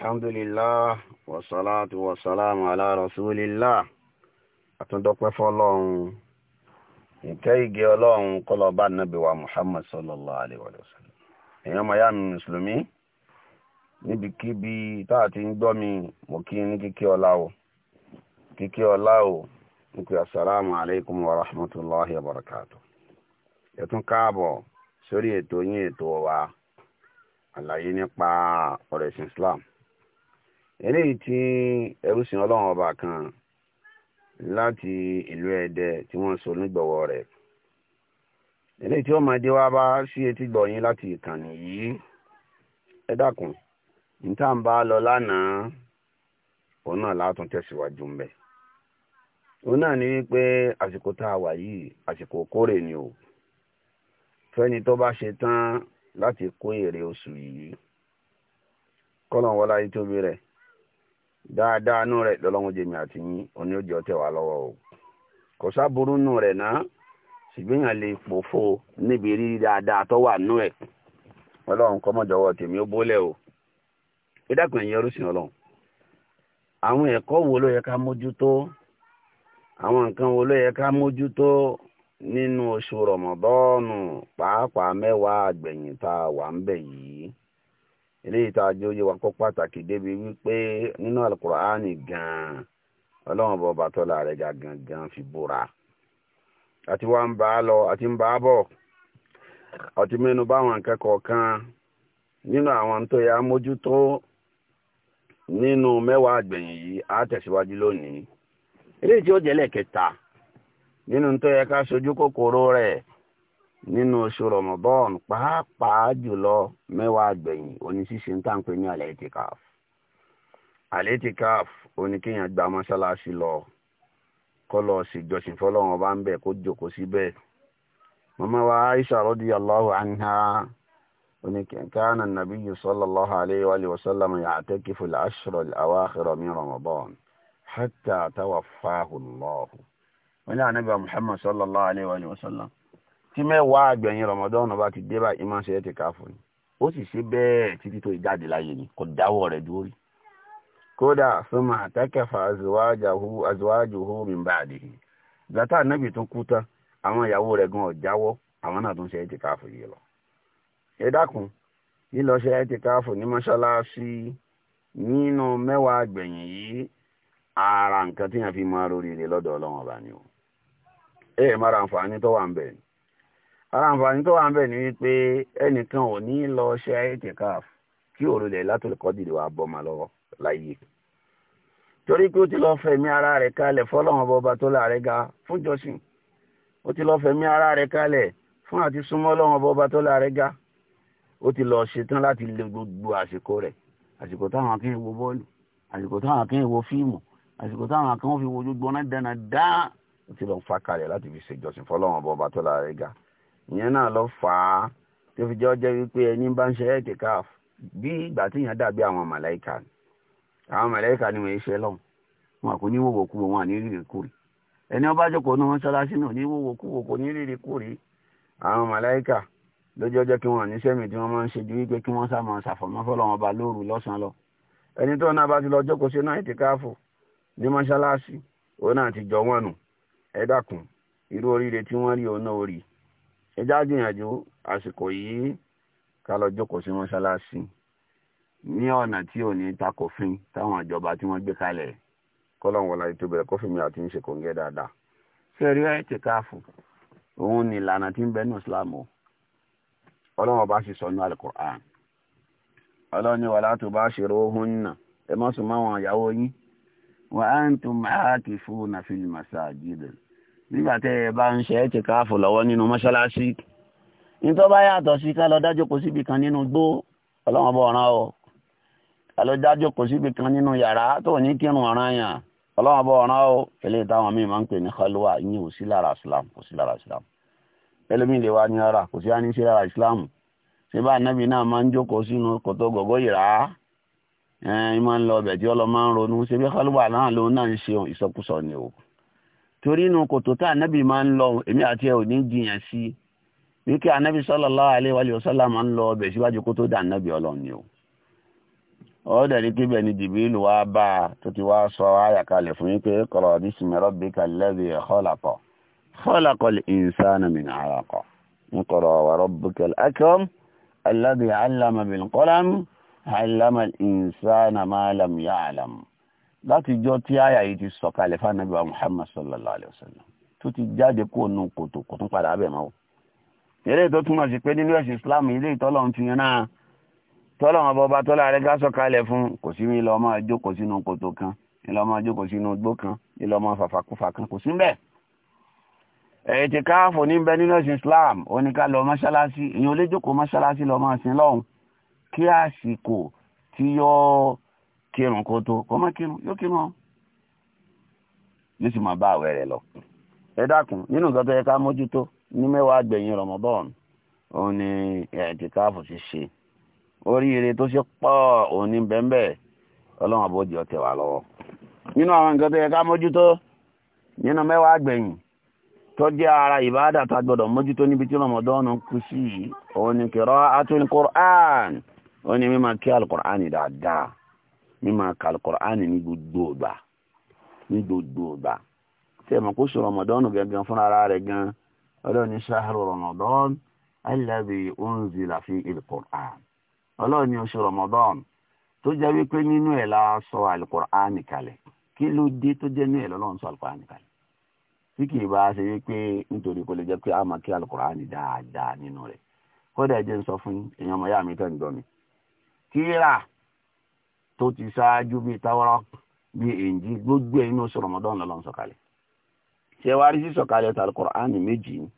alhamdulillah wasalaatu wasalaamu ala rasulillah àtúndọ́pẹ́ fọlọ́run ìkẹ́ wa muhammad sallallahu alayhi wa sallam èèyàn ọmọ ya mi mùsùlùmí níbikíbi tá a ti ń gbọ́ mi mo kí ní kíkí ọlá o kíkí ọlá o ní kí asalaamu alaykum wa rahmatulahi wa barakatu islam eléyìí tí ẹrú sìn ọba kan láti ìlú ede tí wọ́n so nígbọ̀wọ́ rẹ̀ eléyìí tí ó ba si bá sí etí gbọ̀yìn láti ìkànnì yìí ẹ dákun níta ń bá lọ lánàá òun náà látún tẹ̀síwájú ń òun náà ní wípé àsìkò tá a wà yìí àsìkò kórè ni o fẹ́ni tó bá ṣe tán láti kó èrè dáadáa nù rẹ̀ lọ́lọ́run jẹ̀mí àti yín onye ó jẹ́ ọtẹ o nù rẹ̀ náà ṣùgbọ́n lè pòfo níbi rírí dáadáa tó wà nù ẹ̀ ọlọ́run kọ́mọ́jọ́wọ́ tèmi o àwọn mójútó àwọn nǹkan mójútó nínú oṣù pàápàá mẹ́wàá àgbẹ̀yìn eléyìí tá a jẹ́ oyè wa kó pàtàkì débi wípé nínú alukur'ani gan-an ọlọ́run bọ̀ bàtọ́lá rẹ̀ ga gangan fi búra àti wá ń bá a lọ àti ń bá a bọ̀ àti mẹ́nu báwọn akẹ́kọ̀ọ́ kan nínú àwọn tó yà mójútó nínú mẹ́wàá àgbẹ̀yìn yìí á tẹ̀síwájú lónìí eléyìí tí ó jẹ́ lẹ́kẹta nínú tó yẹ ká sojú kòkòrò rẹ̀ nínú oṣù rọmọbọ́ọ̀nù pàápàá jùlọ mẹ́wàá gbẹ̀yìn oní ṣíṣe ń tàǹpé ní àlẹ́tìkáf àlẹ́tìkáf oníkéèyàn gba mọ́ṣáláṣí lọ kọ́ lọ ṣèjọsìn fọlọ́run bá ń bẹ̀ kó jókòó síbẹ̀ màmá wa aisha radiyallahu anha oníkẹ́ńkánà nàbíyí sallallahu alayhi wa sallam ya'takifu al-ashra al-awakhir min rọmọbọ́ọ̀nù hatta tawaffahu Allah wọn ní ànábì muhammad sallallahu alayhi wa sallam tí mẹ́wàá àgbẹ̀yìn rọmọdọ́nù bá ti dé báyìí máa ń ṣe ẹ̀tìkáfù ni ó sì ṣe bẹ́ẹ̀ títí tó ìjáde láyé ni kò dáwọ́ rẹ̀ dúró rí kódà súnmọ́ àtẹ́kẹ̀fà azuwájúhó min ba'dihi gbàtà nábì tún kú tán àwọn ìyàwó rẹ̀ gan ọ̀jáwọ́ àwọn náà tún ṣe ẹ̀tìkáfù yìí lọ. ẹ dákun lílọ ṣe ẹ̀tìkáfù ní mọ́ṣáláṣí nínú mẹ́wàá àgbẹ̀yìn yìí ara àǹfààní tó wà ń bẹ̀ ni wípé ẹnìkan ò ní lọ ṣe itikaf kí òru lẹ̀ látòlù kọ́dìrì wà bọ́ màá lọ́wọ́ láyé torí pé ó ti lọ fẹ̀mí ara rẹ̀ kalẹ̀ fọlọ́wọn bọba tó láàrẹ̀ ga fún jọ́sìn ó ti lọ fẹ̀mí ara rẹ̀ kalẹ̀ fún àti súnmọ́ lọ́wọ́n bọba tó láàrẹ̀ ga ó ti lọ ṣetán láti lè gbogbo àsìkò rẹ̀ àsìkò táwọn akẹ́ wo bọ́ọ̀lù àsìkò táwọn akẹ́ wo fíìmù àsìkò táwọn akẹ́ wo gbogbo náà dáná dá ó ti lọ fa kalẹ̀ láti fi ṣèjọsìn fọlọ́wọn bọba tó láàrẹ̀ ga ìyẹn náà lọ fà á tó fi jẹ́ ọjọ́ wípé ẹni bá ń ṣe ẹ̀tìkáf bí ìgbà tí èèyàn dàbí àwọn màláìka ni àwọn màláìka ni wọ́n ṣe lọ́hùn wọn kò ní wòwò kú wọn ní rírì kúrì ẹni ọba jókòó ní wọn ṣọlá sínú ní wòwò kú wò kò ní rírì kúrì àwọn màláìka lójú ọjọ́ kí wọn níṣẹ́ mi tí wọ́n máa ń ṣe ju wípé kí wọ́n sáà máa ṣàfọ̀mọ́ fọlọ́wọn ọba lóru lọ́sàn ẹjá gbìyànjú àsìkò yìí ká lọ jókòó sí mọ́ṣáláṣí ní ọ̀nà tí ò ní takòfin táwọn ìjọba tí wọ́n gbé kalẹ̀ kọ́lọ́n wọlá ètò ìbẹ̀rẹ̀ kófìmí àti ń dáadáa. ṣé rí ti káàfù òun ni ìlànà tí ń bẹ ní Islam o sọ ní alukur'an wàlá tó bá ṣe ẹ má sùn máwọn yín nígbà tẹ́ ẹ bá ń ṣe ẹ́ ti káàfù lọ́wọ́ nínú mọ́ṣáláṣí ní tó bá yàtọ̀ sí ká lọ dájókòó síbi kan nínú gbó ọlọ́wọ́n bọ̀ ọ̀ràn o ká lọ dájókòó síbi kan nínú yàrá tó ní kírun ọ̀ràn yàn ọlọ́wọ́n bọ̀ ọ̀ràn o eléyìí táwọn míì máa ń pè ní khalwa ìyẹn ò sí lára islam kò sí lára islam ẹlòmíì lè wá ní ara kò sí á ní sí lára islam ṣé bá anábì náà máa ń jókòó sínú kòtò gògó yìrá ẹ máa ń lọ ọbẹ̀ tí ọlọ́ máa ń ronú ṣé bí khalwa náà lòun náà ń ṣe ìsọkúsọ ni o torí inú kòtò tá ànábì máa ń lọ èmi àti ẹ ò ní jiyàn sí i wíkẹ ànábì sallallahu alaihi wa sallam máa ń lọ ọbẹ síwájú kó tó dà ànábì Ọlọ́run ni o ọdẹ ní kí bẹ́ẹ̀ ni Jibril wá bá a tó ti wá sọ àyà kalẹ̀ fún yín pé iqra bismi rabbika alladhi khalaqa khalaqal insana min alaqa iqra wa rabbukal akram alladhi allama bil láti jọ tí àyà yìí ti sọ̀kalẹ̀ fanabi wa muhammad sallallahu alayhi wa sallam tó ti jáde kó nu kòtò kò tún padà abẹ mọ. eré tó túmọ̀ sí pé nínú ẹ̀sìn islam ilé ìtọ́lọ̀ ń fi yan náà tọ́lọ̀ wọn bọba tọ́lọ̀ rẹ gá sọ̀kalẹ̀ fún kò sí ní lọ́ọ́ máa jókòó sínú kòtò kan ní lọ́ọ́ máa jókòó sínú igbó kan ní lọ́ọ́ máa fàfàkúfà kan kò sí bẹ́ẹ̀. ẹ̀yẹ ti káàfọ̀ níbẹ̀ nínú ẹ̀sìn islam oníkà lọ mọ́ṣáláṣí èèyàn kírun kó tó kó má kírun yóò kírun ọ nísìnyí máa bá àwẹ̀ rẹ̀ lọ. ẹ dákun nínú nǹkan tó yẹ ká mójútó ní mẹ́wàá gbẹ̀yìn Ramadan òun ni ẹ̀ẹ́dìkáàfù ti ṣe oríire tó ṣe pọ̀ òun ní bẹ́ẹ̀ ọlọ́run àbójì ọ̀tẹ̀ wà lọ́wọ́ nínú àwọn nǹkan tó yẹ ká mójútó nínú mẹ́wàá gbẹ̀yìn tó jẹ́ ara ìbáàdà tá a gbọ́dọ̀ mójútó níbi tí Ramadan kù sí òun ni kìrọ́ àtúnkùrán òun ni mímọ̀ mímọ kàlùkùránì ní gbogbo ọgbà ní gbogbo ọgbà tí ẹ mọ̀ kó sọ̀rọ̀ mọ̀dọ́nù gangan fúnra ara rẹ̀ gan ọlọ́ọ̀ni ṣáàrù rọ̀mọ̀dọ́n alladhi unzila fi al-Qur'an ọlọ́ọ̀ni oṣù rọ̀mọ̀dọ́n tó jẹ́ wípé nínú ẹ̀ la sọ al-Qur'ani kalẹ̀ kí ló dé tó jẹ́ nínú ẹ̀ lọ́lọ́run sọ al-Qur'ani kalẹ̀ tí kì í bá ṣe wípé nítorí kò lè jẹ́ pé a kí al-Qur'ani dáadáa nínú rẹ̀ kódà ẹ jẹ́ ń sọ fún èèyàn ọmọ yá mi tẹ́ ń gbọ́ mi kíra tó ti ṣáájú bíi táwọ́rọ́ bíi èjì gbogbo ẹ̀ inú oṣù Ramadan lọ́lọ́run sọ̀kalẹ̀ ṣé wàá rí sí sọ̀kalẹ̀ tàbí Qur'an méjì ni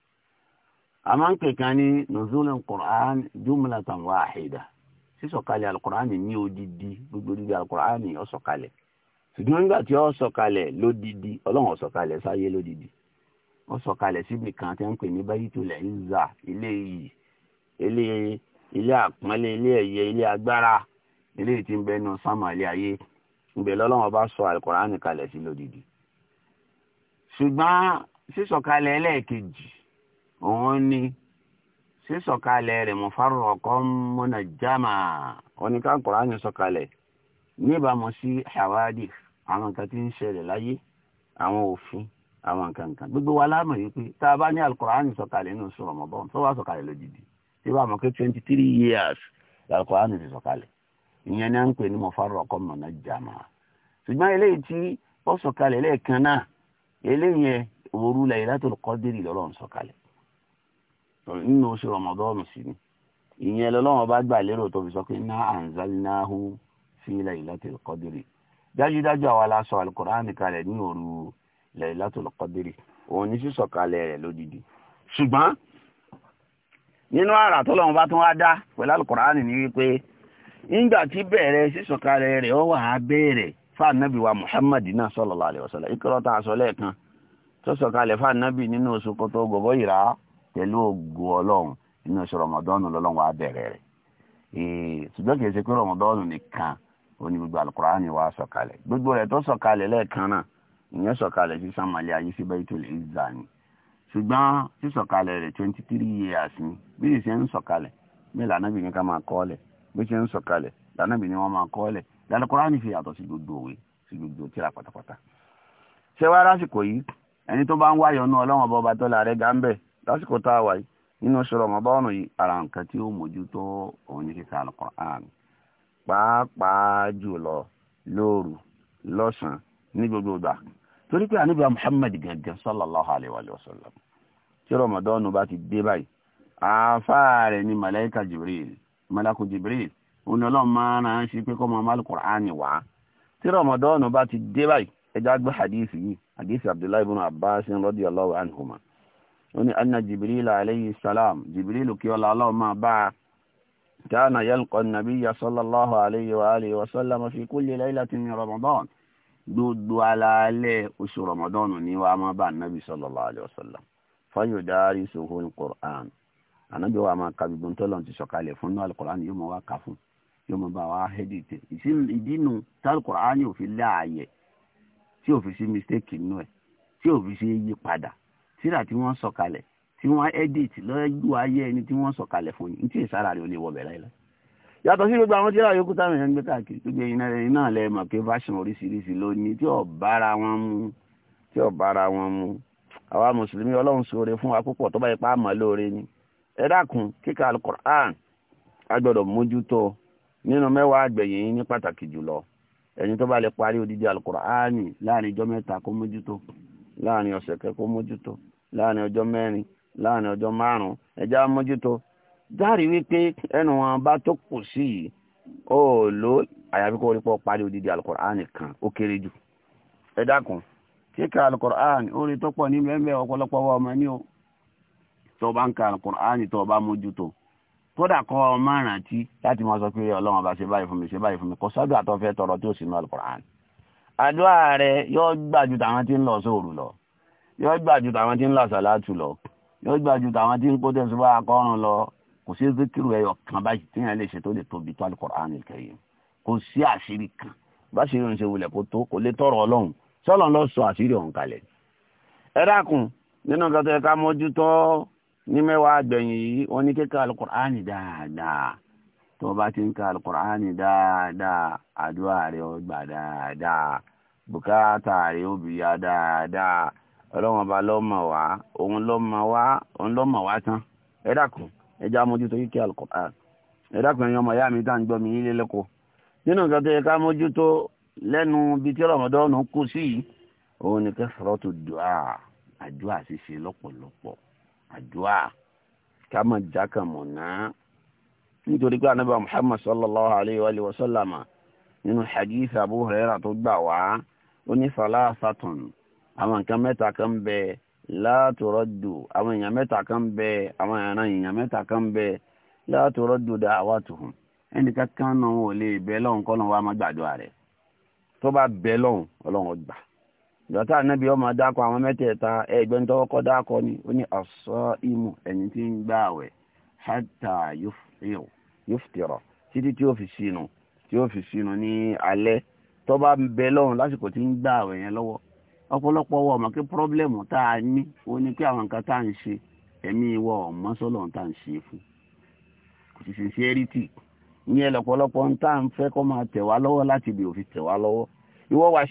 a máa ń kankan ní nùzúlẹ̀ Qur'an jumlatan wahida sí sọ̀kalẹ̀ al-Qur'an ní odidi gbogbo odidi al-Qur'an ó sọ̀kalẹ̀ ṣùgbọ́n nígbà tí ó sọ̀kalẹ̀ lódidi ọlọ́run ó sọ̀kalẹ̀ sáyé lódidi ó sọ̀kalẹ̀ síbi kan tí wọ́n ń pè ní Baytul Izza ilé iyì ilé àpọ́nlé ilé ẹ̀yẹ ilé agbára eléyìí tí ń bẹ nínú sámà ilé ayé ìgbẹ́ lọ́lọ́wọ́n bá sọ alukoraani kalẹ̀ sí lódìdí ṣùgbọ́n sísọ̀kalẹ̀ ẹlẹ́ẹ̀kejì òun ni sísọ̀kalẹ̀ rẹ̀ mufarraqan munajjama oníkà alukoraani sọ̀kalẹ̀ níbàámu sí hawadith àwọn nǹkan tí ń ṣẹlẹ̀ láyé àwọn òfin àwọn nǹkan nǹkan gbogbo wa láàmú yìí pé tá a bá ní alukoraani sọ̀kalẹ̀ nínú sọ̀rọ̀ mọ́bọ́n tó wá sọ̀kalẹ̀ lódìdí síbàámu pé twenty three years alukoraani ti sọ̀kalẹ̀ ìyẹn ni à ń pè ní mọ̀fárọ̀kọ́ mọ̀nà jàmà ṣùgbọ́n eléyìí tí wọ́n sọ̀kalẹ̀ lẹ́ẹ̀kan náà eléyìí yẹn òru Laylatul Qadri lọ́rọ̀ ń sọ̀kalẹ̀ nínú oṣù Ramadan sí ni ìyẹn lọ́lọ́wọ́n bá gbà lérò tó fi sọ pé inna anzalnahu fi Laylatil Qadri dájúdájú àwa la sọ Al-Qur'ani kalẹ̀ ní òru Laylatul Qadri òun ní sísọ̀kalẹ̀ rẹ̀ lódìdí ṣùgbọ́n nínú àrà tó lọ́wọ́n bá tún wá dá pẹ̀lú Al-Qur'ani wípé nígbà tí bẹ̀rẹ̀ sísọ̀kalẹ̀ rẹ̀ ó wà á bẹ̀rẹ̀ wa muhammad náà sallallahu alaihi wasallam ìkọrọ tá a sọ lẹ́ẹ̀kan tó sọ̀kalẹ̀ nínú oṣù kótó gbọ̀bọ̀ ìrà pẹ̀lú ògo ọlọ́run nínú oṣù rọmọdọ́nù lọ́lọ́run wa bẹ̀rẹ̀ rẹ̀ ṣùgbọ́n kì í ṣe pé rọmọdọ́nù wa sọ̀kalẹ̀ gbogbo rẹ̀ tó sọ̀kalẹ̀ lẹ́ẹ̀kan náà ìyẹn sọ̀kalẹ̀ bó ṣe ń sọ̀kalẹ̀ lánàbì ni wọ́n máa kọ́ ọ́lẹ̀ lálùkùránì fi yàtọ̀ sí gbogbo òwe sí gbogbo tíra pátápátá. ṣé wàá lásìkò yìí ẹni tó bá ń wáyọ̀ nú ọlọ́wọ́n bọ́ bá tọ́lá rẹ̀ gáńbẹ̀ lásìkò tá a wà yìí nínú sọ̀rọ̀ ọmọ báwọn yìí ara nǹkan tí ó mójútó òun ní kíkà alùkùránì pàápàá jùlọ lóru lọ́sàn-án ní gbogbo ìgbà torí pé àníbà Muhammad gẹ́gẹ́ sallallahu alaihi wa sallam tí rọmọdọ́nù bá ti dé báyìí ni malaika Jibril malako jibril òun ni ọlọ́run máa ń ránṣẹ́ pé kọ́ máa máàlù kùránì wá tí rọmọdọ́ọ̀nù bá ti dé báyìí ẹjọ́ àgbẹ̀ hadith yìí hadith abdullahi ibn abbas radiyallahu anhuma ó ní anna jibril alayhi salam jibril kí ọlá ọlọ́run máa bá a كان يلقى النبي صلى الله عليه وآله وسلم في كل ليلة من رمضان دود على عليه أس رمضان نيوى ما النبي صلى الله عليه وسلم فيدارسه القرآن ànábì wa máa ka gbogbo ntọ́lọ̀ ti sọ̀kalẹ̀ fún náà alukur'an yóò máa wá kà fún yóò máa bá wa hẹ́dì tẹ̀ ìdínú tí alukur'an yóò fi lé ààyè tí ò sí mistake nínú ẹ̀ tí ò fi sí yí padà síra tí wọ́n sọ̀kalẹ̀ tí wọ́n edit lọ́jọ́ ayé ẹni tí wọ́n sọ̀kalẹ̀ fún yín tí ìsára rẹ̀ ò lè wọbẹ̀ láìláì. yàtọ̀ sí gbogbo àwọn tí ìràwọ̀ yòókù táwọn èèyàn ń gbé káàkiri gbogbo ẹ̀yin náà iná lẹ mọ̀ pé fashion oríṣiríṣi ló ní tí ò bára wọn mu tí ò wọn mu àwa mùsùlùmí ọlọ́run ṣoore fún wa púpọ̀ tó bá yẹ pa àmọ́ lóore ni ẹ dákun kíkà alukur'an a gbọ́dọ̀ mójútó nínú mẹ́wàá àgbẹ̀yìn ní pàtàkì jùlọ ẹni tó bá lè parí odidi alukur'an láàrin ọjọ́ mẹ́ta kó mójútó láàrin ọ̀sẹ̀ kẹ́ kó mójútó láàrin ọjọ́ mẹ́rin láàrin ọjọ́ márùn-ún ẹjẹ́ á mójútó dárí wípé ẹnu wọn bá tó kù sí yìí ó lò àyàfi kó rí parí odidi alukur'an kan ó kéré jù ẹ dákun kíkà alukur'an ó rí tó pọ̀ ní mẹ́mẹ́ ọ̀pọ̀lọpọ̀ wa ọmọ ní o tó bá ń ka alukur'ani tó bá mójútó kódà kọ́ ọ má rántí láti máa sọ pé ọlọ́run ọba ṣe báyìí fún mi ṣe báyìí fún mi kò sọ́dọ̀ àtọ́fẹ́ tọrọ tí ó sì ná alukur'ani. àdúrà rẹ yóò gbàjú tàwọn tí ń lọ sóòrù lọ yóò gbàjú tàwọn tí ń lọ sàlátù lọ yóò gbàjú tàwọn tí ń kó tẹ̀síwá akọ́run lọ kò sí zikiru ẹyọ kan báyìí téèyàn lè ṣe tó lè tóbi tó alukur'ani kẹyìn kò sí àṣírí kan bá ṣe ń ṣe wulẹ̀ kó tó kò lè tọrọ ọlọ́run sọ́lọ́n lọ sọ àṣírí ọ̀hún kalẹ̀ ẹ dákun nínú kẹtẹ ká mójútó ní mẹ́wàá gbẹ̀yìn yìí wọ́n ní kíkà alukur'ani dáadáa tó bá ti ń ka alukur'ani dáadáa àdúrà rẹ̀ ó gbà dáadáa bùkátà rẹ̀ ó bìyà dáadáa ọlọ́wọ́n bá lọ́mọ wá òun lọ́mọ wá òun lọ́mọ wá tán ẹ dákun ẹ já mójútó kíkà alukur'ani ẹ dákun ẹ̀yin ọmọ ìyá mi tá à ń gbọ́ mi nílé lẹ́kọ̀ọ́ nínú nǹkan tó yẹ ká mójútó lẹ́nu bíi tí rọ̀mọdọ́nù kù sí òun ni kẹsàrọ́tù àdúà ká má jákàmọ̀ náà nítorí pé anábà muhammad sallallahu alayhi wa sallam nínú hadith abu huraira tó gbà wá ó ní salasatun àwọn nǹkan mẹ́ta kan bẹ látòrọ́dù àwọn èèyàn mẹ́ta kan bẹ àwọn ẹ̀ràn èèyàn mẹ́ta kan bẹ látòrọ́dù da'watuhum ẹnìkan kan náà wọn ò lè bẹ lọ́hùn kọ́ lọ́hùn má gbàdúrà rẹ̀ tó bá bẹ lọ́hùn ọlọ́hùn gbà. ìgbàtà anabi ọmọ dákọ àwọn mẹ́tẹ̀ẹ̀ta ẹgbẹ tọ́wọ́ dákọ ni ó ní ọsọ ìmù ẹni tí ń gbà wẹ̀ hátà yófùtìrọ̀ títí tí ó fi sinu tí ó fi sinu ní alẹ tó bẹ lọ́run lásìkò tí ń gbà wẹ̀ yẹn lọ́wọ́ wọ ọmọ kí tá a ní ó ní àwọn nǹkan tá à ń ṣe ìwọ ń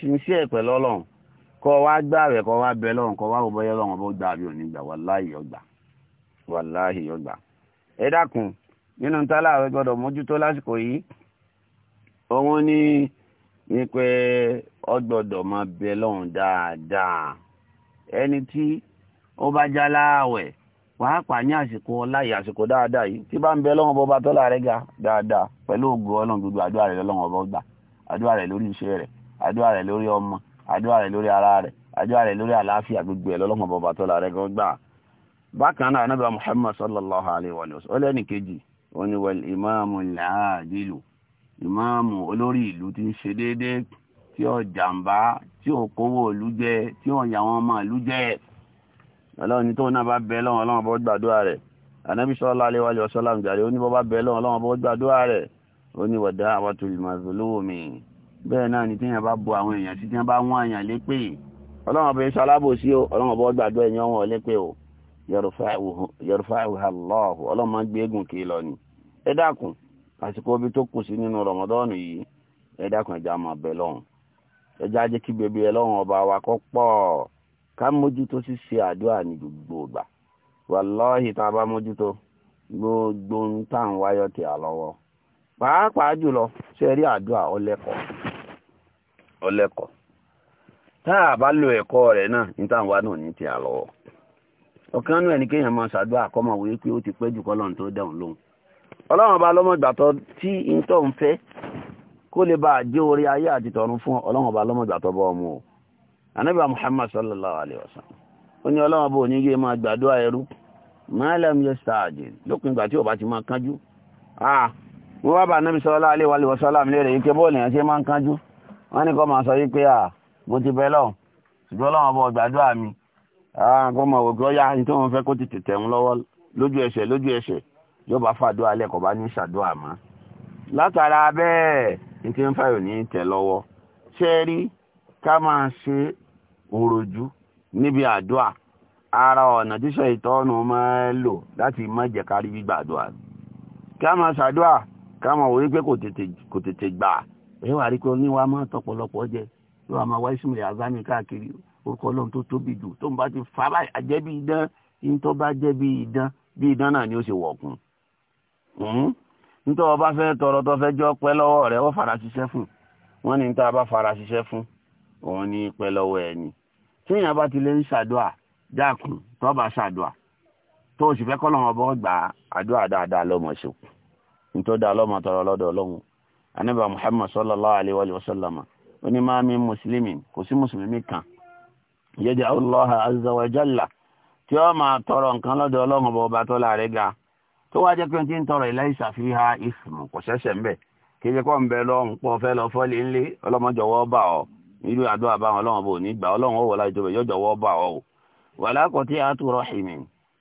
ṣe kọwa wá gbà rẹ̀ kọ́ wá bẹ lọ́run kọ́ wá wò bọ́yọ́ lọ́run bó gbà òní gbà wàláhì ọgbà wàláhì ọgbà. ẹ nínú lásìkò yìí òun ní ní pé gbọdọ bẹ lọ́run ẹni tí ó pàápàá ní àsìkò àsìkò dáadáa yìí tí bá ń bẹ tọ́lá rẹ̀ ga dáadáa pẹ̀lú ọlọ́run gbogbo àdúrà rẹ̀ àdúrà rẹ̀ lórí ara rẹ̀ àdúrà rẹ̀ lórí àlàáfíà gbogbo ẹ̀ lọ́lọ́mọ bàbá tó la rẹ̀ gan gbà bákan náà anábà muhammad sallallahu alayhi wa sallam ó lẹ́nu kejì ó ní wal ìmáàmù làádìlù ìmáàmù olórí ìlú ti ń ṣe déédéé tí ó jàǹbá tí ó kówó ìlú jẹ tí ó yà wọn mọ ìlú jẹ ọlọ́run ní tóun náà bá bẹ lọ́wọ́ ọlọ́run bọ́ gbàdúrà rẹ̀ anabi sallallahu alayhi wa sallam jàre ó ní bẹ́ẹ̀ náà ni tíyàn bá bo àwọn èèyàn sí tíyàn bá wọ́n àyàn lépè ọlọ́run ọba iṣẹ́ alábòsí o ọlọ́run ọba gbàdúrà ẹ̀yàn wọn lépè o yorùfáìwòhà lọ́ọ̀hù ọlọ́run máa ń kí lọ ni ẹ dákun àsìkò ibi tó kù sí nínú rọmọdọ́ọ̀nù yìí ẹ dákun ẹja lọ́hùn ẹja ọba wa kọ́ pọ̀ ká mójútó ṣíṣe àdúrà ní gbogbo ìgbà wàlọ́ọ̀hì tá a bá gbogbo ń tàn wáyọ̀ tì á lọ́wọ́ pàápàá jùlọ ṣe rí ọlẹ́kọ̀ọ́ tá a bá lo ẹ̀kọ́ rẹ̀ náà ní táwọn wa náà ní ti àlọ́wọ́ ọ̀kan náà ní kéèyàn máa ṣàdúrà kọ́mọ̀ wí pé ó ti pẹ́ jù kọ́lọ́run tó dẹ̀hùn lóhùn ọlọ́run ọba lọ́mọgbàtọ́ tí ìtọ́ ń fẹ́ kó lè bá jẹ́ orí ayé àti tọ̀run fún ọlọ́run ọba lọ́mọgbàtọ́ bọ́ ọmọ o anábìá Muhammad sallallahu alayhi wa sallam ó ní ọlọ́run ọba òní yé máa gbàdúrà ẹrú malam yastajil lópin ìgbà tí ọba ti máa kánjú ah mo wá bá anábì sallallahu alayhi wa sallam léèrè yìí kẹ́ bọ́ọ̀lù yẹn ṣe máa ń kánjú wọ́n ní kọ́ máa sọ wípé à mo ti bẹ́ lọ́wọ́ ṣùgbọ́n ọlọ́run ọba ọ̀gbàdúrà mi kọ́ máa wò pé ọ̀yá ní tí wọ́n fẹ́ kó tètè tẹ̀ ń lọ́wọ́ lójú ẹsẹ̀ lójú ẹsẹ̀ yóò bá fàdúrà alẹ́ kọ́ bá ní ṣàdúrà mọ́ látara bẹ́ẹ̀ ní tí ń fàyò ní tẹ̀ lọ́wọ́ ṣé rí ká máa ṣe òròjú níbi àdúrà ara ọ̀nà tíṣẹ́ ìtọ́nù máa lò láti má jẹ́ kárí gbígbà àdúrà ká máa ṣàdúrà ká máa wò ẹ wà rí pé oníwà máa je jẹ ló wà máa wá káàkiri orúkọ ọlọ́run tó tóbi jù tó ń bá ti fa báyìí àjẹbí idán ìtọ́ bá jẹ́ bí idán bí idán náà ni ó ṣe wọ̀kùn hmm? nítorí ọba fẹ́ tọrọ tó fẹ́ jọ pẹ́ lọ́wọ́ rẹ̀ ó fara ṣiṣẹ́ fún wọn ní fara ṣiṣẹ́ fún òun ní pẹ́ lọ́wọ́ ẹni tíyàn bá ti lè ń ṣàdúà dákun tó bá ṣàdúà tó o sì fẹ́ kọ́ bọ́ gbà anábà muhammad sallallahu alayhi wa sallam ó ní máa mi mùsùlùmí kò sí mùsùlùmí kan yẹ́dẹ̀ allah azza wa jalla tí ó máa tọrọ nǹkan lọ́dọ̀ ọlọ́run ọba ọba tó láàrẹ́ ga tó wá jẹ́ pé tí ń tọrọ ilé ìṣàfihàn ìsìnkú kò ṣẹ̀ṣẹ̀ ń bẹ̀ kí ẹ jẹ́ kó ń bẹ lọ́run pọ̀ fẹ́ lọ fọ́lé ńlé ọlọ́mọjọ́wọ́ bà ọ́ irú àdúrà báwọn ọlọ́run bò ní gbà ọlọ́run ó wọlá ìjọba yọjọ́wọ́ bà ọ́ o wà lákòótí àtúrọ̀ ìmì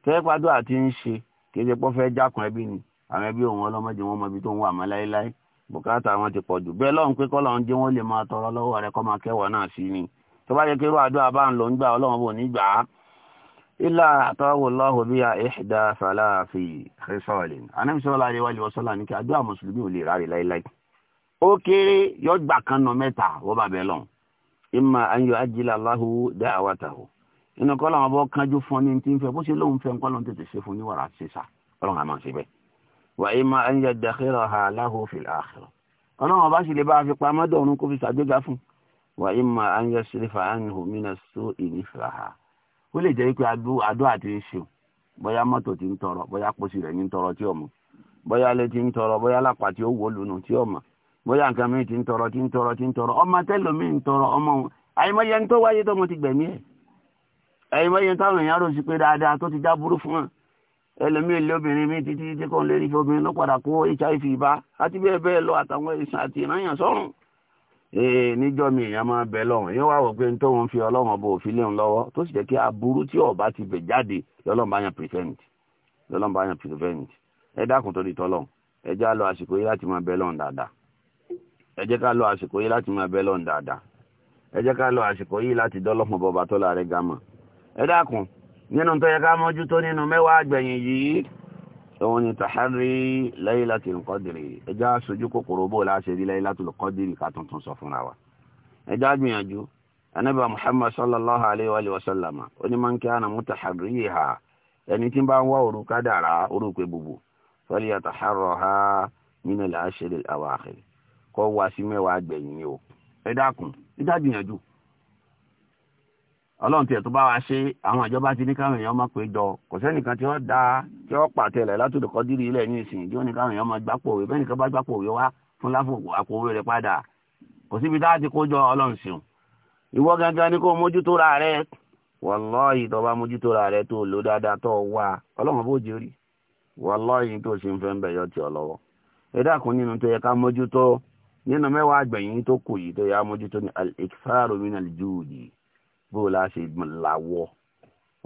tẹ́ẹ́pàdúrà ti ń ṣe kí ẹ jẹ́ pé ó fẹ́ jákun ẹbí ni àwọn ẹbí òun ọlọ́mọdé wọn mọ ibi tó ń wà mọ́ láéláé bùkátà wọn ti pọ̀ jù bẹ́ẹ̀ lọ́run pé kọ́lọ́run jẹ́ wọ́n lè máa tọrọ lọ́wọ́ rẹ kọ́ máa kẹwàá náà sí ni tó bá yẹ kí irú àdúrà bá ń lò ń gbà ọlọ́run bò ní gbà á ilà àtọ́wò lọ́hùn bíi ìṣẹ̀dá sàlááfì rẹ́sọ̀ọ̀lì anamisọ́lá rẹ wálé wọ́sọ́lá ní kí àdúrà mùsùlùmí ò lè ráre láéláé ó kéré yọ kan nọ mẹ́ta wọ́n bá bẹ́ẹ̀ lọ́n ìmọ̀ ayọ̀ ajílẹ̀ aláhu dá àwa tà inú kọ́lọ́run bọ́ kánjú fún ní ti ń fẹ́ bó ṣe lóun fẹ́ ń tètè ṣe fún níwàrà ṣe sá ọlọ́run àmọ́ ṣe bẹ́ẹ̀ wàyí máa ń yẹ dàkírọ̀ ha aláhùn fìlà àkàrà ọlọ́run ọba sì lè bá a fi pamọ́ dọ̀run kó fi ṣàgbéga fún wàyí máa ń yẹ sírífà ánìhùn mínà só ìnífà ha ó lè jẹ́ pé adó àti iṣu bóyá mọ́tò ti ń tọrọ bóyá pósí rẹ̀ ní tọrọ tí ò mọ̀ bóyá ilé ti ń tọrọ bóyá lápá tí ó wò lónà tí ò mọ̀ bóyá nǹkan mi ti ń tọrọ ti ń tọrọ ti ń tọrọ ọmọ tẹlomi ń tọrọ ọmọ àyèmọye ń tó wáyé tó mo ti gbẹ̀mí ẹ̀ àyèmọye táwọn èèyàn rò sí pé dáadáa tó ti dá burú fún wọn ẹlòmíì lóbìnrin mi títí tí kò ń lérí fi obìnrin ló padà kó hiv bá àti bẹ́ẹ̀ bẹ́ẹ̀ lọ àtàwọn ìsàn àti ìnáyàn sọ́run ee níjọ́ mi èèyàn máa bẹ lọ́run yóò wá wọ pé tóun fi ọlọ́run bò òfin léun lọ́wọ́ tó sì jẹ́ kí aburú tí ọba ti bẹ̀ jáde lọ́lọ́run yàn prevent lọ́lọ́run bá yàn prevent ẹ dákun torí tọ́lọ́run ẹ jẹ́ ká lo àsìkò yìí láti máa bẹ lọ́run dáadáa ẹ jẹ́ ká lo àsìkò yìí láti máa bẹ lọ́run dáadáa ẹ jẹ́ ká lo àsìkò yìí láti dọ́lọ́pọ̀ bọba tó láre gamọ̀ ẹ dákun nínú tó yẹ ká mójútó nínú mẹ́wàá gbẹ̀yìn yìí òun ni tàhárí Laylatul Qadri ẹjá sojú kòkòrò bó láṣẹ rí Laylatul Qadri ká tuntun sọ fúnra wa ẹjá gbìyànjú anábà Muhammad sallallahu alayhi wa sallam ó ní máa ń kí àná mú tàhárí yìí ha ẹni tí ń bá ń wá òru kádàrá orúkọ gbogbo fẹ́lẹ́ yàtọ̀ àárọ̀ ha nínú làásìrì àwọn àkèrè kọ́ wá sí mẹ́wàá gbẹ̀yìn ni ẹ dákun ẹjá gbìyànjú ọlọ́run tiẹ̀ tó bá wa ṣe àwọn ìjọba ti ní káwọn èèyàn máa pé jọ kò sẹ́nìkan tí ó da tí ó pàtẹ rẹ̀ látòdò kọ́ dírí ilẹ̀ ní ìsìn tí ó ní káwọn èèyàn máa gbápò òwe bẹ́ẹ̀ nìkan bá gbápò òwe wá fún láfò àpò òwe rẹ̀ padà kò síbi tá a ti kó jọ ọlọ́run sìn ìwọ gangan ni kó mójútó ra rẹ wàlọ́ọ̀yì tó bá mójútó ra rẹ tó lò dáadáa tó wà ọlọ́run bó jẹ́ rí bó la ṣe làwọ̀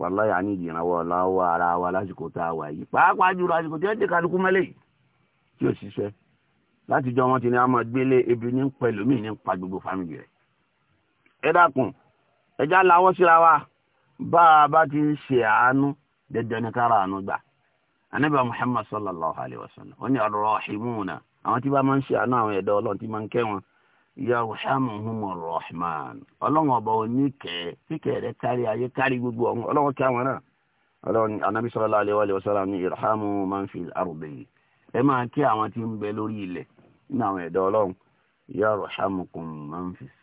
wàláyà ní ìdìrànwọ́ láwọ́ ara wa lásìkò tá a wà yìí pàápàá jùlọ àsìkò tí wọ́n ti kálukú mẹ́lẹ̀ tí ò ṣiṣẹ́ látijọ́ wọn ti ní a máa gbélé ebi ní pẹ̀lú mi ní pa gbogbo fámìlì rẹ̀ ẹ dákun ẹja làwọ́ síra wa bá a bá ti ń ṣe àánú dandan ní kára àánú gbà anábìá Muhammad sallallahu alayhi wa sallam ó ní ar-rahimuna àwọn tí bá máa ń ṣe àánú àwọn ẹ̀dọ́ ọlọ́run tí máa ń kẹ́ yarhamuhumur rahman ọlọ́run ọba oníkẹ́ kíkẹ́ rẹ̀ kárí ayé kárí gbogbo ọ̀hún ọlọ́run kí àwọn náà ọlọ́run anabi sallallahu alaihi wa sallam ní irhamu ẹ máa kí àwọn tí ń bẹ lórí ilẹ̀ nínú àwọn ẹ̀dọ́ ọlọ́run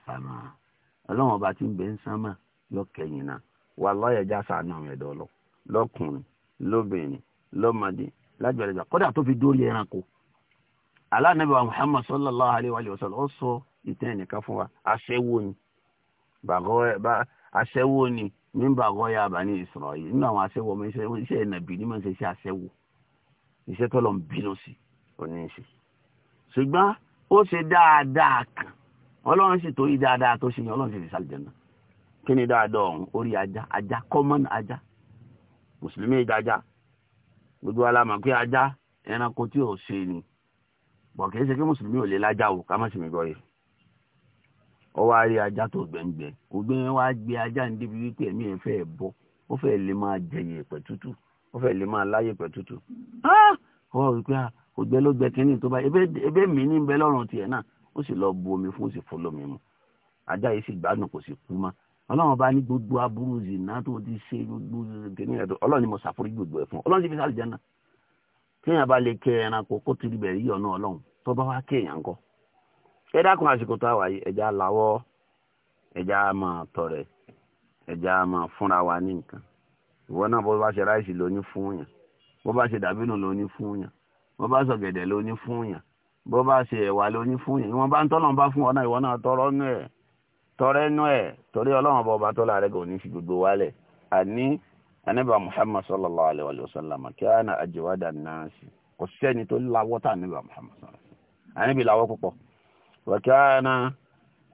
sama ọlọ́run ọba tí ń bẹ ń náà àwọn ẹ̀dọ́ lóbìnrin ìtẹ́ ẹnìkan fún wa aṣẹ́wó ni aṣẹ́wó ni mímbà gọ́yà àbáni Israeli nínú àwọn aṣẹ́wó ọmọ iṣẹ́ ẹ̀nàbì ní màá ṣe iṣẹ́ aṣẹ́wó iṣẹ́ tó lọ ń bínú sí òní ṣe ṣùgbọ́n ó ṣe dáadáa kan ọlọ́run sì torí dáadáa tó ṣe yẹn ọlọ́run sì fi sàlìjẹ́ náà kí ni dáadáa ọ̀hún orí ajá ajá common ajá mùsùlùmí ìdájá gbogbo alamọ̀ pé ajá ẹranko tí ò ṣe ni bọ̀ kì í ṣe kí mùsùlùmí ò lè lájà o ká má sì mí gbọ́ yìí ó wá rí ajá tó gbẹ̀ngbẹ̀ ògbẹ́ yẹn wá gbé ajá ní débi wípé ẹ̀mí ẹ̀ fẹ́ bọ́ ó fẹ́ lè máa jẹyẹ pẹ̀ tútù ó fẹ́ lè máa láyè pẹ̀ tútù ògbẹ́ ló gbẹ kínní tó bá mi ní lọ bu omi fún fún lómi mu ajá yìí sì gbádùn kò sì kú mọ́ ọlọ́run bá ní gbogbo aburú zina tó ti ṣe gbogbo kínní ẹ̀dọ́ ọlọ́run ni mo ṣàforí gbogbo ẹ̀ fún ọlọ́run ti fi sálì jẹ́ náà kéèyàn ẹ dákun àsìkò tá a wà yìí ẹja làwọ ẹja máa tọrẹ ẹja máa fúnra wa ní nǹkan ìwọ náà bó bá ṣe ráìsì lóní fún yàn bó bá ṣe dàbínú lóní fún yàn bó bá ṣe ọ̀gẹ̀dẹ̀ lóní fún yàn bó bá ṣe ẹ̀wà lóní fún yàn ìwọ̀n bá ń tọ́lọ̀ bá fún ọ náà ìwọ náà tọrọ nú ẹ̀ tọrẹ nú ẹ̀ torí ọlọ́run bọ̀ bá tọ́lá rẹ̀ kò ní fi gbogbo wálẹ̀ àní anábà muhammad sallallahu alayhi wa sallam kí á na àjẹwádà náà sí kò sẹ́ni tó láwọ́ tá anábà muhammad sallallahu alayhi wa sallam anábì láwọ́ púpọ̀ wàkíánà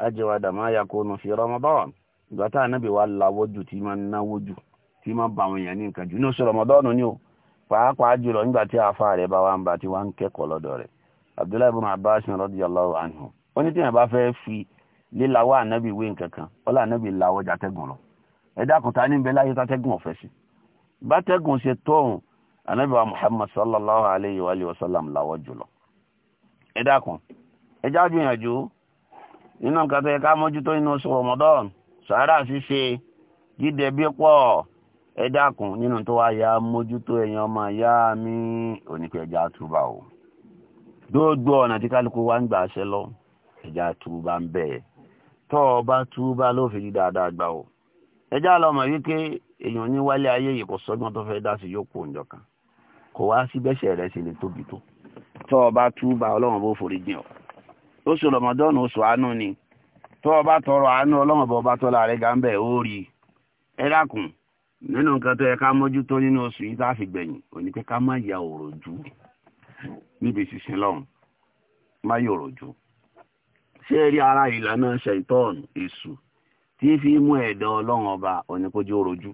ajẹ́wàdà máa yà kó nu fi Ramadan ìgbà tá ànábì wa lawọ́ jù tí máa náwó jù tí máa bá àwọn èèyàn ní nǹkan jù ní oṣù Ramadan ni o pàápàá jùlọ nígbà tí àáfàá rẹ̀ bá wà ń bá tí wà ń kẹ́kọ̀ọ́ lọ́dọ̀ rẹ̀ Abdullahi ibn Abbas radiyallahu anhu ó ní tí yẹn bá fẹ́ fi lílawọ́ ànábì wé nǹkan kan ó lá ànábì lawọ́ jàtẹ́gùn lọ ẹ̀dá kùtà ní bẹ́ẹ̀ láyé tàtẹ́gùn ọ̀fẹ́ sí bátẹ́gùn ṣe tóun ànábì wa Muhammad sallallahu alayhi wa sallam lawọ́ jùlọ ẹ̀dá kan ẹjá gbìyànjú nínú nǹkan tó yẹ ká mójútó inú oṣù Ramadan sàárà ṣíṣe jíde bí pọ̀ ẹ dákun nínú tó wá ya mójútó ẹ̀yàn ọmọ ìyá mi oníkẹ́ ẹjá túbà o gbogbo ọ̀nà tí kálukú wa ń gbà ṣe lọ ẹjá túbà ń bẹ̀ tọ́ ọ bá túbà ló fi dáadáa gbà o ẹjá lọmọ wípé èèyàn ní wálé ayé yìí kò sọ́gbọ́n tó fẹ́ dá sí yókù òǹjọ kan kò wá sí bẹ́sẹ̀ rẹ̀ ṣe lè tóbi tó tọ́ ọ túbà ọlọ́run bó forí jìn ọ́ oṣù rọmọdọ́nù oṣù àánú ni tó o bá tọrọ àánú ọlọ́run bọ́ ọba tó la rẹ̀ gà ń bẹ̀ ó rí ẹ dákun nínú nǹkan tó yẹ ká mójútó nínú oṣù yìí tá a fi gbẹ̀yìn òní pé ká má ya òròjú níbi ìṣiṣẹ́ lọ́run má ya òròjú ṣé rí ara ìlànà ṣèǹtọ́ọ̀nù èṣù tí fi mú ẹ̀dọ́ ọlọ́run ọba òní kó jẹ́ òròjú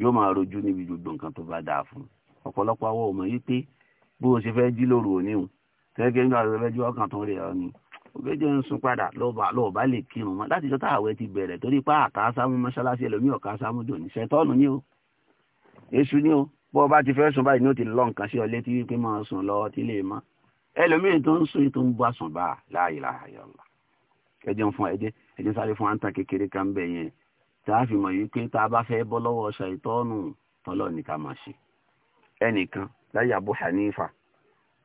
yóò máa rojú níbi gbogbo nǹkan tó bá dáa fún ọ̀pọ̀lọpọ̀ àwọn ọmọ yìí pé bó o ṣe fẹ́ jí lóru òní kẹ́kẹ́ nígbà tó fẹ́ jẹ́ ọkàn tó rẹ̀ ọ ni ògbẹ́jọ́ ń sun padà lọ́ọ̀ bá lè kírun mọ́ láti jọ tá àwẹ̀ ti bẹ̀rẹ̀ torí pa àkásámú mọ́ṣáláṣí ẹlòmíì ọ̀kásámú dò ní ṣẹ̀tọ́ọ̀nù ni o èṣù ni o bọ́ ọ bá ti fẹ́ sùn báyìí ni ó ti lọ nǹkan sí ọ létí wípé máa sùn lọ ọtí lè mọ́ ẹlòmíì tó ń sùn tó ń bá sùn bá la ilaha illallah ẹjẹ ń fún ẹjẹ ẹjẹ sáré fún àǹtà kékeré kan bẹ̀ yẹn tá a fi mọ̀ wípé tá a bá fẹ́ bọ́ lọ́wọ́ ṣàìtọ́ọ̀nù tọ́lọ́ ní ká máa ṣe ẹnìkan láyé Abu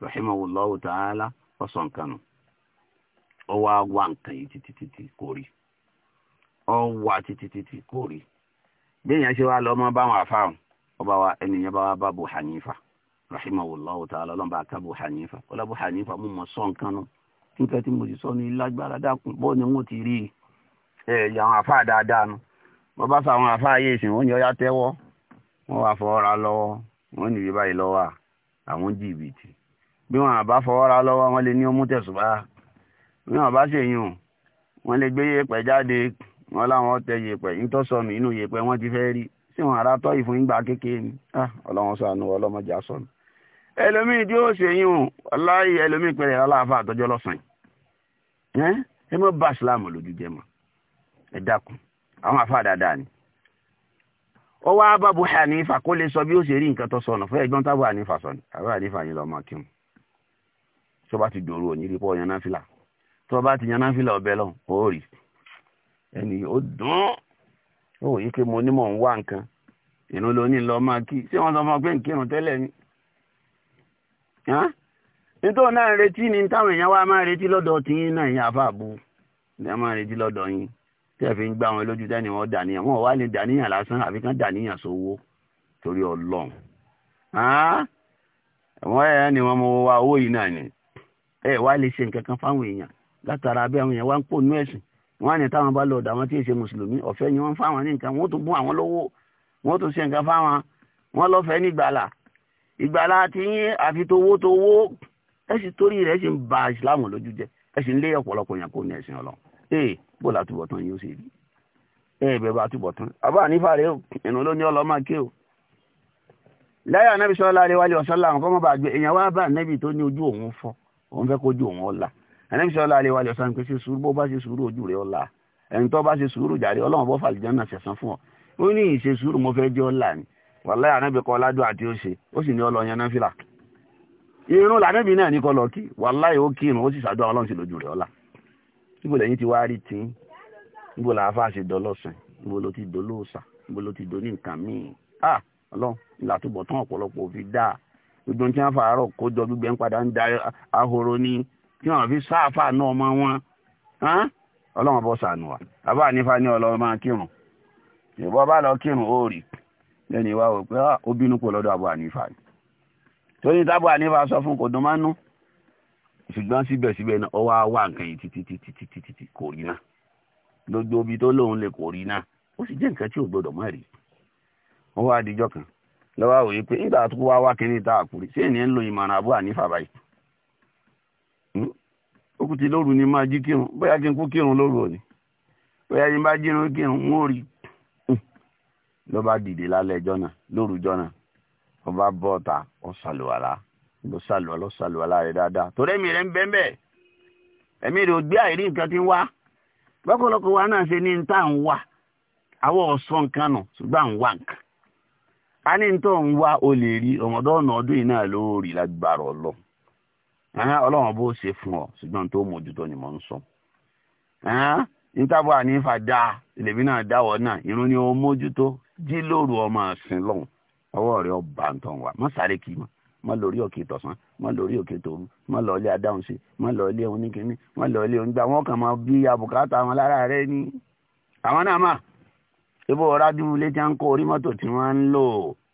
rahimahullahu ta'ala ọ̀sán kanu ó wá wá nǹkan yìí títí títí kò rí ó wá títí títí kò rí bí èèyàn ṣe wá lọ ọmọ báwọn àfáàrùn ọba wa ènìyàn bá wá bá bu hanifa rahimahullahu ta'ala ọlọ́mọba aká bu hanifa ọlọ́ bu hanifa mú mọ́ sọ́n kanu nǹkan tí mo sì sọ ní lágbára dákun bọ́ọ̀ ni wọ́n ti rí ẹ̀yà àwọn àfáà dáadáa nu wọ́n bá fa àwọn àfáà yé ìsìn wọ́n ní ọyá tẹ́wọ́ wọ́n wá fọ́ ọ́ra lọ́wọ́ wọ́n ní ìbáyìí lọ́wọ́ àwọn jìbìtì bí wọn àbá fọwọ́ra lọ́wọ́ wọn lè ní ó mú tẹ̀sùbá bí wọn ṣe ṣèyàn wọn lè gbé yèèpẹ̀ jáde wọn láwọn tẹ yèèpẹ̀ nítòsọnù inú yèèpẹ̀ wọn ti fẹ́ rí sí wọn ará tọ́ ìfún ìgbà kékeré ni ọlọ́wọ́n sànù ọlọ́mọdé àsọnù. ẹlòmíì tí ni. kó lè sọ bí ó ṣe rí nǹkan tó sọnù fún tábù sọnù àbá tó bá ti dòru òní rípọ̀ yan náfìlà tó bá ti yan náfìlà ọbẹ̀ lọ ó rí ẹni ó dùn ó wòye pé mo ní mò ń wá nǹkan ìrún lóní lọ máa kí ṣé wọn lọ máa gbé nkírun tẹ́lẹ̀ ni nítorí náà retí ni táwọn èèyàn wá máa retí lọ́dọ̀ tí yín náà yín àfa àbú ni a máa retí lọ́dọ̀ yín tí ẹ fi ń gbá wọn lójú tẹ́ni wọn dàníyàn wọn ò wá lè dàníyàn lásán àfi kán dàníyàn sówó torí ọlọ́run àwọn ẹ̀yà ni wọ́n mọ wá owó yìí náà ni ẹ wá lè ṣe nǹkan kan fáwọn èèyàn látara bí àwọn èèyàn wá ń pò nú ẹ̀sìn wọn á ní táwọn bá lọ ọ̀dọ̀ àwọn tí ì ṣe mùsùlùmí ọ̀fẹ́ ni wọ́n ń fáwọn ní nǹkan wọ́n tún bún àwọn lọ́wọ́ wọ́n tún ṣe nǹkan fáwọn wọ́n lọ́fẹ̀ẹ́ ní ìgbàlà ìgbàlà ti yín àfi towó towó ẹ sì torí rẹ̀ sì ń ba ìsìláàmù lójú jẹ ẹ sì ń lé ọ̀pọ̀lọpọ̀ yàn kó ní ẹ̀sìn ọlọ ee bó la túbọ̀ tán yóò ṣe rí ee bẹ́ẹ̀ bá túbọ̀ tán àbá nífà rẹ ìnú ló ní ọlọ́mọ ké o láyà anábì sallallahu alaihi wa sallam kọ́ mọ́ bá èèyàn wá bá anábì tó ní ojú òun fọ́ òun fẹ́ kójú òun ọ̀la ẹnẹ́bí sọ́lá alẹ́ wa lọ́sàn pé ṣe sùúrù bó bá ṣe sùúrù ojú rẹ̀ ọ̀la ẹni tó bá ṣe sùúrù jàre ọlọ́run bó fàlìjọ́ náà ṣẹ̀san fún ọ ó ní ìṣe sùúrù mo fẹ́ jẹ́ ọ̀la ni wàláyà anábì kọ́ ládùn àti ó ṣe ó sì ní ọlọ́ yan náfìlà irun lànàbì náà ní kọ́ lọ kí wàláyà ó kí irun ó sì ṣàdúrà ọlọ́run sì lójú rẹ̀ ọ̀la níbo lẹ́yìn ti wá rí tí níbo làá fà ṣe dọlọ́sàn níbo ló ti dolóòsà níbo ló ti do ní nǹkan míì ah ọlọ́run ìlà túbọ̀ tán ọ̀pọ̀lọpọ̀ òfin dáa gbogbo tí wọ́n fàárọ̀ kó jọ gbígbẹ ń ahoro ni tí fi sáàfà náà mọ́ wọn ọlọ́run bọ́ sànù wa bàbá ànífà ní ọlọ́run máa kírun ìbọn bá lọ kírun ó rì lẹ́nu ìwà wò pé ah, ó bínú pò lọ́dọ̀ àbọ̀ ànífà tóyìn tábọ̀ ànífà sọ fún kò dùn mánú ṣùgbọ́n síbẹ̀síbẹ̀ náà ọwọ́ á wà nǹkan yìí títí títí gbogbo ibi tó lóun lè kò rí náà ó sì jẹ́ nǹkan tí lọ́wọ́ àwòye pé ìgbà tó wá wá kínní ìta àkùrẹ́ sí ènìyàn ń lo ìmọ̀ràn àbúrò ànífà báyìí hmm? ó ni máa jí kírun bóyá kí n kú kírun lóru òní bóyá yín bá jírun kírun ń rí hmm. ló bá dìde lálẹ́ ẹjọ́ lóru ẹjọ́ ó bá bọ́ ó ló wa náà ṣe ní ń wà a ntọ nwa o rí ọdún yìí lórí lágbára ọlọ ọlọ́run bó ṣe fún ọ ṣùgbọ́n tó mójútó ni mò ń sọ nítàbọ̀ ànífà dá ìlèmí náà náà irun ni ó mójútó jí lóru ọmọ ọba má sáré má lórí òkè má lórí òkè tòru má má oníkíní má wọn kàn máa bí abùkátà lára rẹ àwọn náà ibo létí à ń kó orí mọ́tò tí wọ́n ń lò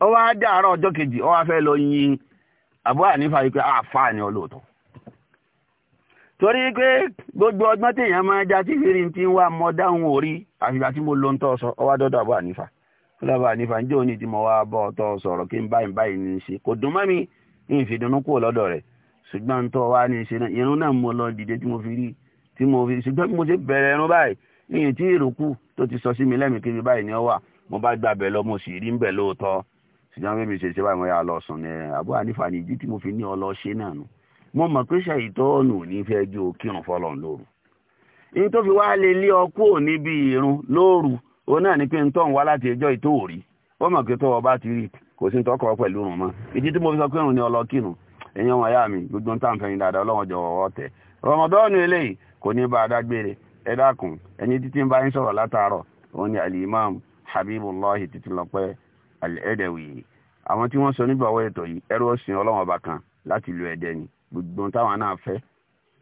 ó wá dàárọ̀ ọjọ́ kejì ó wá fẹ́ lọ yin Abu Hanifa yìí pé ah, àáfàá ni ọlọ́ọ̀tọ̀ torí pé gbogbo ọgbọ́n téèyàn máa já tí fèrè ti ń wá mọ dáhùn orí àfìgbà tí mo lo ń tọ́ sọ ó wá dọ́dọ̀ Abu Hanifa lọ́ba Hanifa ń jẹ́ òní tí mo wá bọ́ ọ tọ́ sọ̀rọ̀ kí n báyìí báyìí ní í ṣe kò dùn mọ́ mi ní ìfìdùnnú kúrò lọ́dọ̀ rẹ̀ ṣùgbọ́n tó wá ní ṣe náà irun náà mo lọ dìde tí mo fi rí tí mo fi ṣùgbọ́n mo ṣe bẹ̀rẹ̀ irun báyìí ní ìtí ìrókù tó ti sọ sí mi lẹ́mìí kiri báyìí ni ó wà mo bá gbàbẹ̀ lọ mo sì rí ń bẹ̀ lóòótọ́ ṣùgbọ́n bẹ́ẹ̀ mi ṣe ṣe báyìí mo yà lọ sùn ní àbúrò ànífà ní ìdí tí mo fi ní ọ lọ ṣe náà nù mo mọ̀ pé ṣàyítọ́ ọ̀nà ò ní fẹ́ ju kírun lóru èyí fi wá lé ọ kúrò níbi lóru òun náà ni pé ń wá láti ẹjọ́ mọ̀ pé ti rí kò sí pẹ̀lú rùn mọ́ ìdí tí mo fi mi gbogbo ń dáadáa ọlọ́wọ́n tẹ̀ rọmọdọ́ọ̀nù eléyìí kò ní bá a dágbére ẹ dákun ẹni al-Adawi àwọn tí wọ́n sọ nígbà wọ́n ètò yìí ẹrú ọ̀sìn ọlọ́run ọba kan láti ìlú Ẹdẹ ni gbogbo táwọn náà fẹ́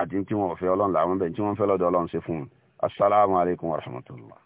àti tí wọ́n fẹ́ ọlọ́run làwọn bẹ̀ tí wọ́n fẹ́ lọ́dọ̀ ọlọ́run ṣe fún un asalaamualeykum wa rahmatulah.